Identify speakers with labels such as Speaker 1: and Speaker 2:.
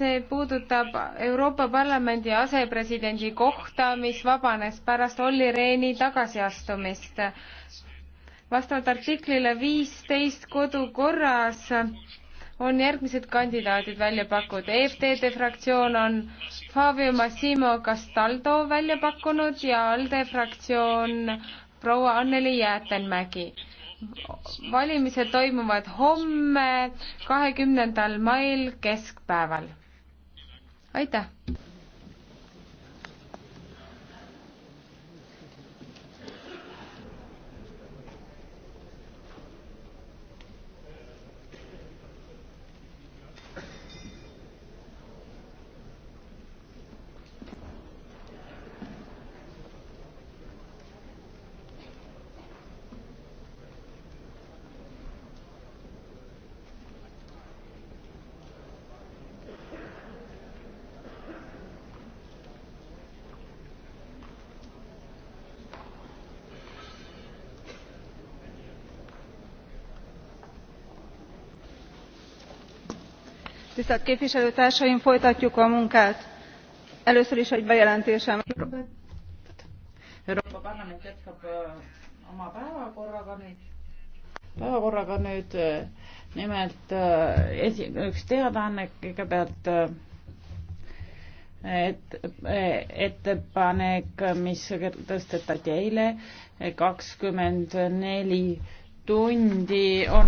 Speaker 1: see puudutab Euroopa Parlamendi asepresidendi kohta, mis vabanes pärast Olli Rehni tagasiastumist. vastavalt artiklile viisteist kodukorras on järgmised kandidaadid välja pakkunud. EFTD fraktsioon on Fabio Massimo Castaldo välja pakkunud ja ALDE fraktsioon proua Anneli Jäätenmägi. valimised toimuvad homme, kahekümnendal mail keskpäeval aitäh!
Speaker 2: tisztelt képviselőtársaim folytatjuk a munkát. először is egy bejelentésem
Speaker 3: euroopa parlament jätkab oma päevakorraga nüüd
Speaker 4: päevakorraga nüüd nimelt esi- üks teadaanne kõigepealt et ettepanek mis tõstetati eile kakskümmend neli tundi on